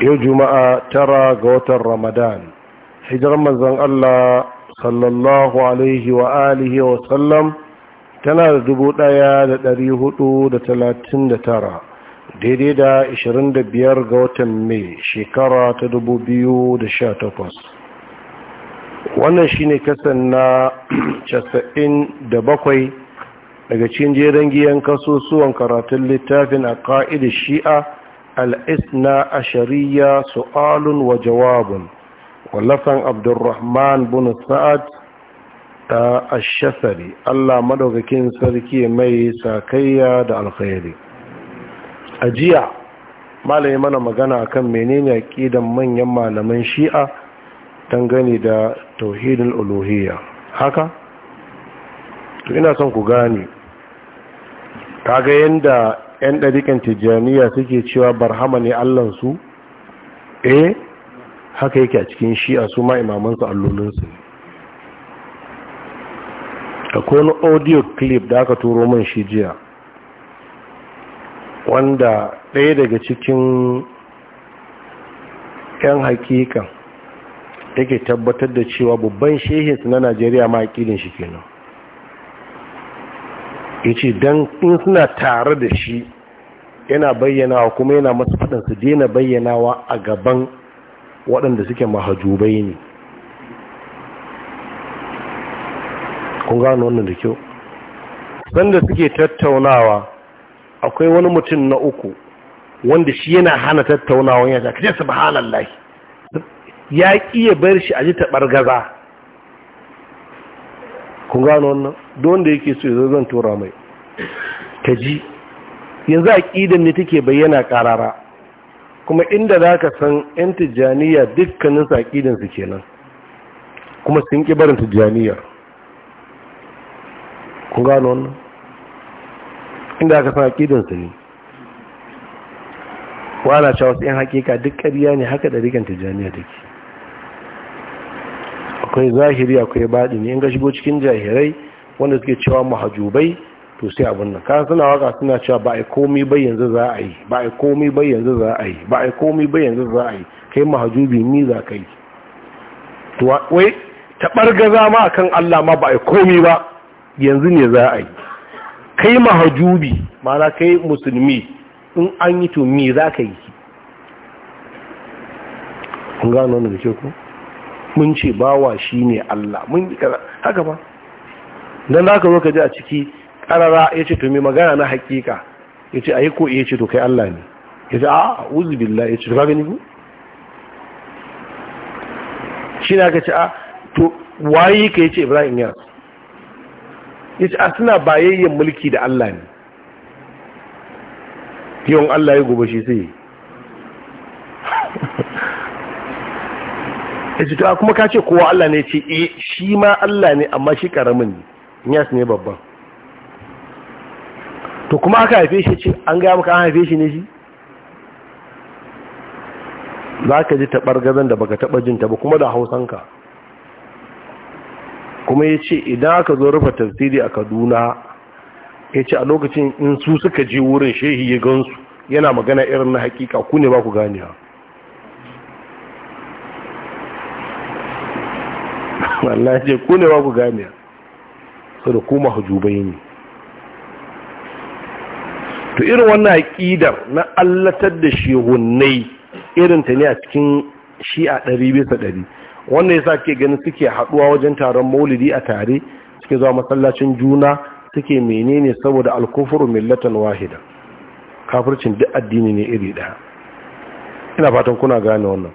yau juma'a tara ga watan ramadan hijirar manzon allah sallallahu alaihi wa alihi wa sallam tana da dubu ɗaya da ɗari hudu da talatin da tara daidai da ashirin da biyar ga watan mai shekara ta dubu biyu da sha takwas wannan shine kasan na casa'in da bakwai daga cikin jeren giyan kasusuwan karatun littafin a ka'idar shi'a al'isna ashariya su'alun wa jawabin, wallafan abdurrahman bin sa'ad ta ashasari allah madaukakin sarki mai sakayya da alkhairi a jiya malami mana magana akan menene aqidan manyan malaman shi'a dangane da tauhidul uluhiyya haka to ina son ku gane Ka ga yanda 'yan ɗarikan tijjaniya suke cewa barhama ne allansu eh haka yake a cikin shi'a su ma imamansu allolinsu ne akwai wani audio clip da aka turo man shi jiya wanda ɗaya daga cikin 'yan hakikan yake tabbatar da cewa babban shehinsu na najeriya ma aƙidin shi kenan ya ce don in suna tare da shi yana bayyanawa kuma yana masu faɗin su daina bayyanawa a gaban waɗanda suke mahajubai ne kun gano wannan da kyau sanda suke tattaunawa akwai wani mutum na uku wanda shi yana hana tattaunawa ya ta kace subhanallahi ya kiye bar shi aji ta bargaza kun gano wannan don da yake so ya zo zan tura mai ta ji yanzu aƙidan ne take bayyana ƙarara kuma inda za ka san 'yan tijjaniya dukkanin su aƙidansu kenan kuma sun ƙi barin tijjaniyar kun gano wannan inda aka san su ne wa ana cewa su 'yan hakika duk ƙarya ne haka da rikan tijjaniya take akwai zahiri akwai baɗi ne in ga shigo cikin jahirai wanda suke cewa mahajubai to sai abin nan kan suna waka suna cewa ba a komi ba yanzu za a yi ba a komi ba yanzu za a yi ba a komi ba yanzu za a yi kai mahajubi ni za ka yi to wai ga gaza ma akan Allah ma ba a komi ba yanzu ne za a yi kai mahajubi mana kai musulmi in an yi to me za ka yi kun gano wannan da ke ku mun ce bawa shine Allah mun haka ba dan zaka zo ka ji a ciki karara ya ce to mai magana na hakika ya ce a yi ko ya ce to kai Allah ne ya ce a uzubillah ya ce to ka gani ku shi na ka ce a to waye ka ya ce ibrahim ya ya ce a suna bayayyen mulki da Allah ne yawan Allah ya gobe shi sai ya ce to a kuma ka ce kowa Allah ne ya ce eh, shi ma Allah ne amma shi karamin yas ne babban to kuma aka haife shi ce an gaya maka an haife shi ne shi za ka ji taɓar gazan da baka taɓa jinta ba kuma da hausanka kuma ya ce idan aka zo rufe tafsiri a kaduna ya ce a lokacin in su suka je wurin shehi ya gansu yana magana irin na hakika ku ne ba ku ganewa wallahi ce ku ne ba ku ganewa su da kuma hajjubai ne to irin wannan aƙidar na allatar da shehunnai irin ta ne a cikin shi'a ɗari bisa ɗari wannan ya sa ke ganin suke haɗuwa wajen taron maulidi a tare suke zuwa masallacin juna suke menene saboda alkufuru millatan wahida kafircin duk addini ne iri ɗaya ina fatan kuna gane wannan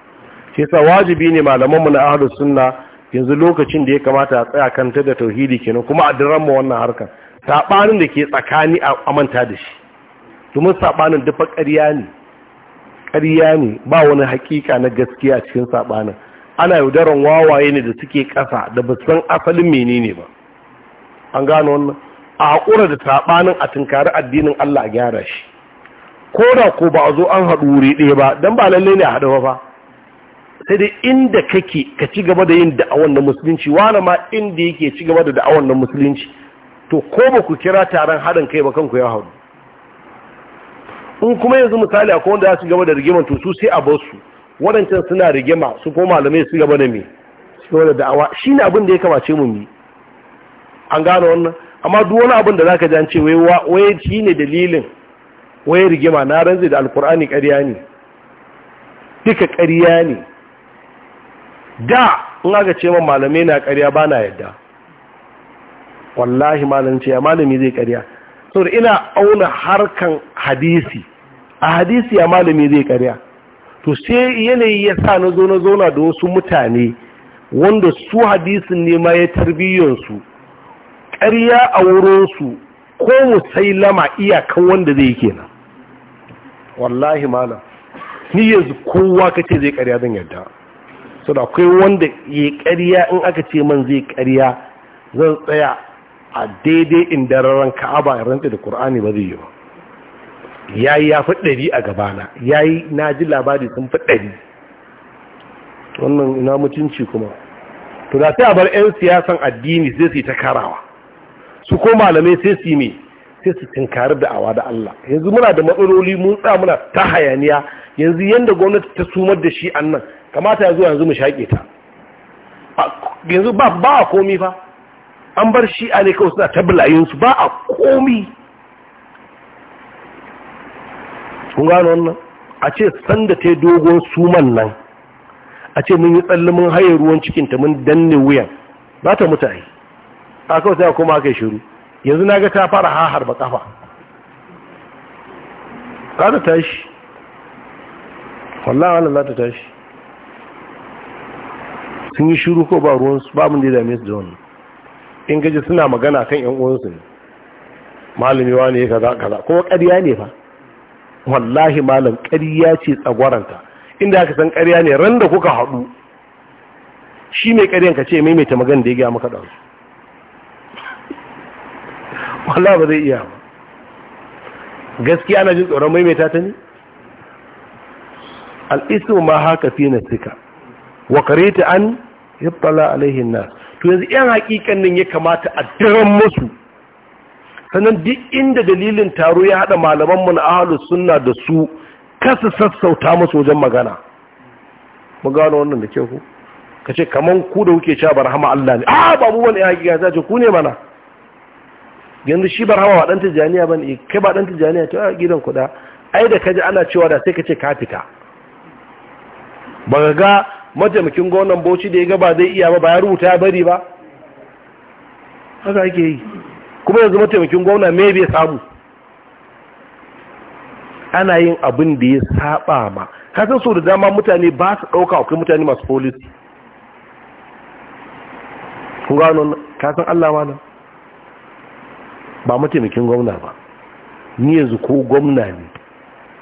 shi yasa wajibi ne malamanmu na ahlus sunna yanzu lokacin da ya kamata a tsaya kanta da tauhidi kenan kuma a daren mu wannan harkar saɓanin da ke tsakani a manta da shi domin saɓanin dafa ƙarya ne ƙarya ne ba wani hakika na gaskiya cikin saɓanin ana yaudaran wawaye ne da suke ƙasa da ba san asalin menene ba an gano wannan a haƙura da saɓanin a tunkari addinin Allah a gyara shi ko da ko ba a zo an haɗu wuri ɗaya ba don ba lalle ne a haɗu ba sai dai inda kake ka ci gaba da yin da'awan na musulunci wani ma inda yake ci gaba da da'awan na musulunci to ko ba ku kira taron haɗin kai ba kanku ya haɗu in kuma yanzu misali akwai wanda za su gaba da rigima to su sai a bar su waɗancan suna rigima su ko malamai su gaba da me su gaba da da'awa shine abin da ya kamace mu mi an gane wannan amma duk wani abin da zaka ji an ce wai wai shine dalilin wai rigima na ranzi da alkur'ani ƙarya ne duka ƙarya ne da in aka ce man malamai na ƙarya ba na yadda wallahi malamci ya malami zai ƙarya saboda ina auna harkan hadisi a hadisi ya malami zai karya to sai yanayi ya sa na zona zona da wasu mutane wanda su hadisin ne ma ya tarbiyyarsu karya a wurinsu ko musailama iyakan wanda zai kenan wallahi malam ni yanzu kowa kace zai karya zan yarda so da akwai wanda ya karya in aka ce man zai karya zan tsaya a daidai inda ba ka'aba rantsa da Kur'ani ba zai yi ba ya yi ya fi a gabana ya yi na ji labari sun fi ɗari wannan ina mutunci kuma to da sai a bar 'yan siyasan addini sai su yi ta karawa su ko malamai sai su yi mai sai su tinkari da awa da Allah yanzu muna da matsaloli mun tsa muna ta hayaniya yanzu yadda gwamnati ta sumar da shi annan kamata ya yanzu mu shaƙe ta yanzu ba a komi fa an bar shi a ne kawai suna tabbalayinsu ba a komi kun gano wannan a ce sanda ta dogon suman nan a ce mun yi tsalle mun haye ruwan cikinta mun danne wuyan ba ta mutu yi. a kawai sai kuma aka yi shiru yanzu na ga ta fara hahar ba kafa ka ta tashi wallahi Allah ta tashi sun yi shiru ko ba ruwan su, ba mun da ya dame su da wannan in gaji suna magana kan yan uwansu ne malami ne ya kaza kaza kuma ƙarya ne fa wallahi malam ƙariya ce tsagwaranta inda aka san ƙariya ne ran da kuka haɗu shi mai ƙaryan ka ce maimaita magana da ya gaya maka ɗansu wallahi ba zai iya ba gaskiya na jin tsoron maimaita ta ne al'isu ma haka fi na suka wa ta an yabbala alaihin na to yanzu yan haƙiƙan nan ya kamata a daren musu sannan duk inda dalilin taro ya haɗa malamanmu na ahalus sunna da su kasa sassauta musu wajen magana mu gano wannan da ke ku ka ce kaman ku da kuke cewa barhama Allah ne a ah, ba mu wani hakika za ce ku ne mana yanzu shi barhama ba dan tijaniya ba ne eh, kai ba dan tijaniya to a gidan ku da ai da kaji ana cewa da sai ka ce ka fita ba ga ga mataimakin gwamnan Bauchi da ya ga ba zai iya ba ba ya rubuta ya bari ba haka ake yi kuma yanzu mataimakin gwamna me bai samu ana yin abin da ya saba ma kasan so da dama mutane ba su ɗauka akwai mutane masu policy kun gano kasan Allah ma nan ba mataimakin gwamna ba ni yanzu ko gwamna ne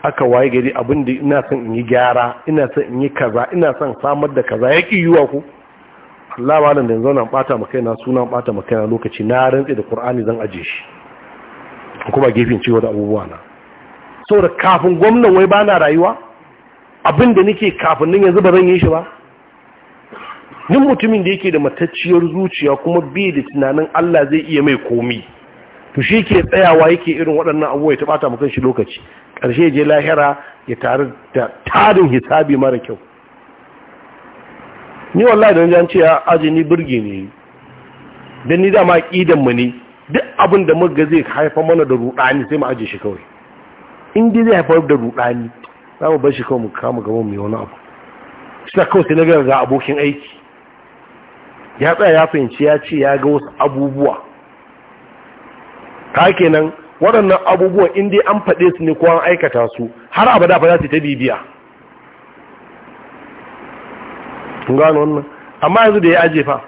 aka waye gari abin da ina son in yi gyara ina son in yi kaza ina son samar da kaza ya ƙi yiwa ku Allah nan da yanzu nan bata maka na suna bata maka na lokaci na rantsi da Qur'ani zan aje shi kuma gefen cewa da abubuwa na saboda kafin gwamnan wai bana rayuwa abin da nake kafin nan yanzu ba zan yi shi ba nin mutumin da yake da matacciyar zuciya kuma bai da tunanin Allah zai iya mai komi to shi ke tsayawa yake irin waɗannan abubuwa ya taɓata maka shi lokaci ƙarshe je lahira ya tare da tarin hisabi mara kyau ni wallahi don jan ce aji ni birge ne dan ni dama kidan mu ne duk abin da muka zai haifa mana da rudani sai mu aje shi kawai in dai zai haifar da rudani za mu bar shi kawai mu kama gaban mu wani abu shi ta kawai sai na ga abokin aiki ya tsaya ya fahimci ya ce ya ga wasu abubuwa ka kenan waɗannan abubuwan in dai an faɗe su ne ko an aikata su har abada fa za su ta bibiya gano wannan amma yanzu da ya aje fa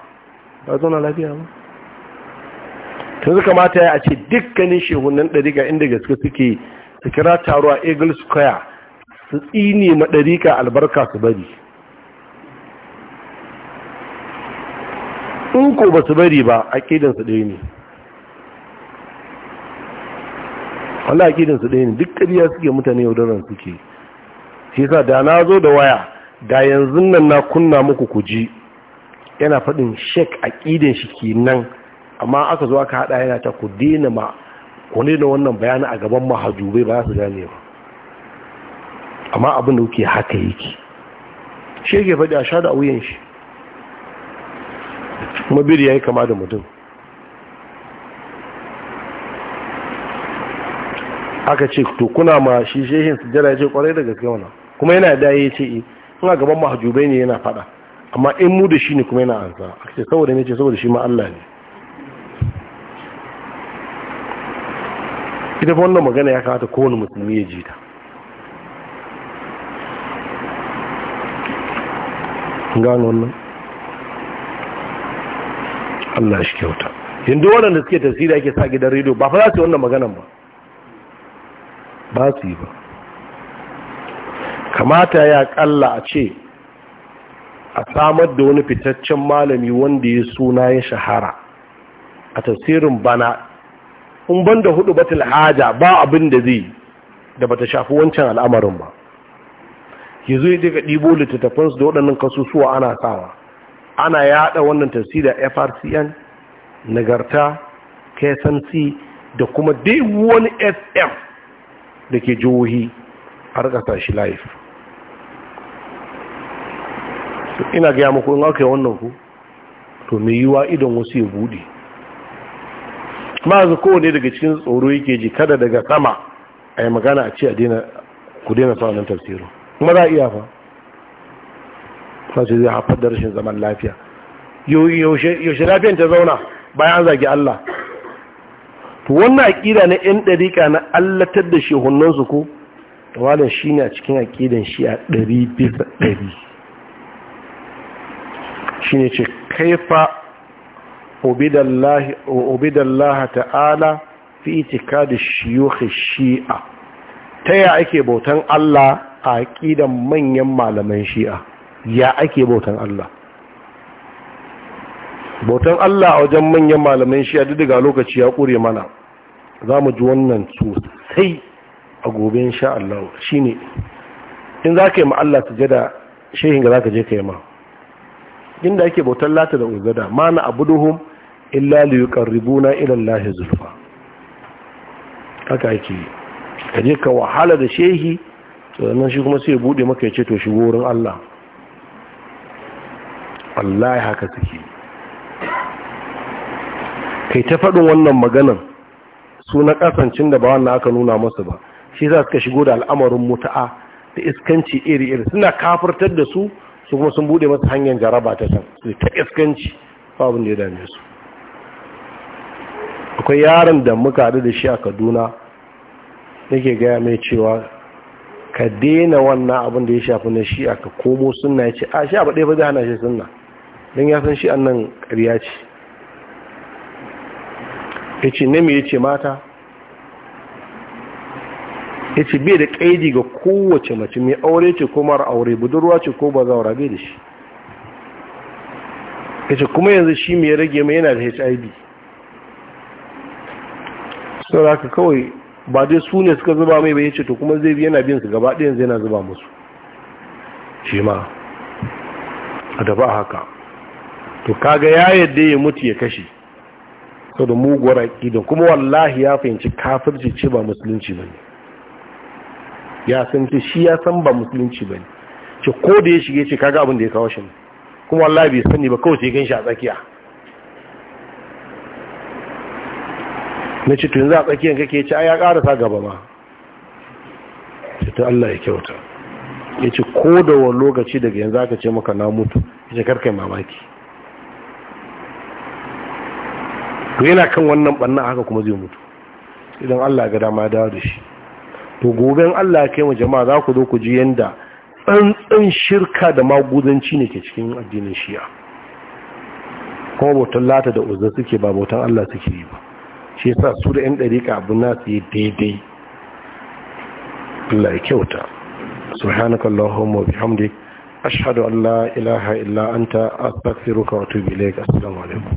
ba zauna lafiya ba yanzu kamata ya ce dukkanin shehunan ɗarika inda gaske suke su kira taro a eagle square su tsini ma ɗarika albarka su bari in ko ba su bari ba a ƙidansu ɗaya ne wanda a ƙidansu ɗaya ne duk ƙariya suke mutane yaudaran suke shi sa da na zo da waya Da yanzu nan na kunna muku ku kuji yana faɗin shek a aƙidin shi kenan amma aka zo aka haɗa yana ta ku daina ma ku daina wannan bayanin a gaban mahajubai ba su gane ba amma abin da kuke haka yake shi yake faɗi a sha da wuyan shi kuma biri ya yi kama da mutum aka ce to kuna ma shi shehin sujjada ya ce kwarai daga kai wannan kuma yana da ya ce eh, suna gaban mahajubai ne yana fada amma in mu da shi ne kuma yana ansa a ce saboda ne ce saboda shi ma Allah ne ita wannan magana ya kamata kowane musulmi ya ji ta gano wannan Allah shi kyauta yanzu waɗanda suke tasiri ake sa gidan rediyo ba fa za su yi wannan maganan ba ba su yi ba kamata ya kalla a ce a samar da wani fitaccen malami wanda ya suna ya shahara a tasirin bana in banda hudu batul haja ba abin da zai da bata shafi wancan al'amarin ba zo ya daga ɗibo littattafansu da waɗannan kasusuwa ana sawa ana yada wannan tasirin frcn nagarta ksnc da kuma dai wani fm da ke jihohi har shi live ina gaya muku in aka yi wannan ku to mai yiwa idon wasu ya buɗe ma'azu kowane daga cikin tsoro yake ji kada daga sama a yi magana a ce ku daina sa wannan tafsirin kuma za a iya fa ce zai haifar da rashin zaman lafiya yaushe lafiyan ta zauna bayan zagi Allah to wannan aƙida na 'yan ɗariƙa na allatar da shehunansu ko tawalin shi ne a cikin aƙidan shi a ɗari bisa ɗari shi ne ce kaifa ubidallaha ta'ala fi itika da shiyuhi shi'a ta ya ake bautan Allah a aƙidan manyan malaman shi'a ya ake bautan Allah bautan Allah a wajen manyan malaman shi'a duk daga lokaci ya ƙure mana za mu ji wannan sosai a gobe insha Allah shi ne in za ka yi ma Allah sujada shehin ga za ka je ka yi ma inda ake bautar lata da ungada ma na abuduhum illa li yuqarribuna ila Allah zulfa haka yake kaje ka wahala da shehi to nan shi kuma sai bude maka ya ce to shi wurin Allah wallahi haka take kai ta faɗin wannan maganan su na kasancin da ba wannan aka nuna masa ba shi za suka shigo da al'amarin mutu'a da iskanci iri-iri suna kafirtar da su su kuma sun bude masa hanyar jaraba ta can su ta iskanci abin da ya dame su akwai yaron da muka haɗu da shi a kaduna ke gaya mai cewa ka daina wannan abin da ya shafi na shi ka komo suna ya ce a shi abu ɗaya ba zai hana shi suna don ya san shi annan ƙarya ce ya ce na ya ce mata ya ce bai da ƙaidi ga kowace mace mai aure ce ko mara aure budurwa ce ko ba za a da shi ce kuma yanzu shi mai rage mai yana da hiv sauraka kawai ba dai su ne suka zuba mai bai ce to kuma zai yana bin su gaba ɗayan zai na zuba musu shi ma a da ba haka to kaga ya yadda ya mutu ya kashe sau da muguwar aƙidan kuma wallahi ya fahimci kafirci ce ba musulunci ba ne ya san ce shi ya san ba musulunci ba ne ce ko da ya shige ce kaga abin da ya kawo shi kuma Allah bai sani ba kawai sai gan shi a tsakiya na ce tun za a tsakiya kake ce ai ya karasa gaba ma ce ta Allah ya kyauta ya ce ko da wani lokaci daga yanzu aka ce maka na mutu ya ce karkai mamaki to yana kan wannan bannan haka kuma zai mutu idan Allah ga dama ya dawo da shi to goben Allah ya kai mu jama'a za ku zo ku ji yanda tsantsan shirka da maguzanci ne ke cikin addinin shi'a kuma bautan lata da uzza suke ba bautan Allah suke yi ba shi yasa su da 'yan ɗariƙa abin su yi daidai Allah ya kyauta subhanakallahumma bihamdik ashhadu an la ilaha illa anta astaghfiruka wa atubu ilayk assalamu alaikum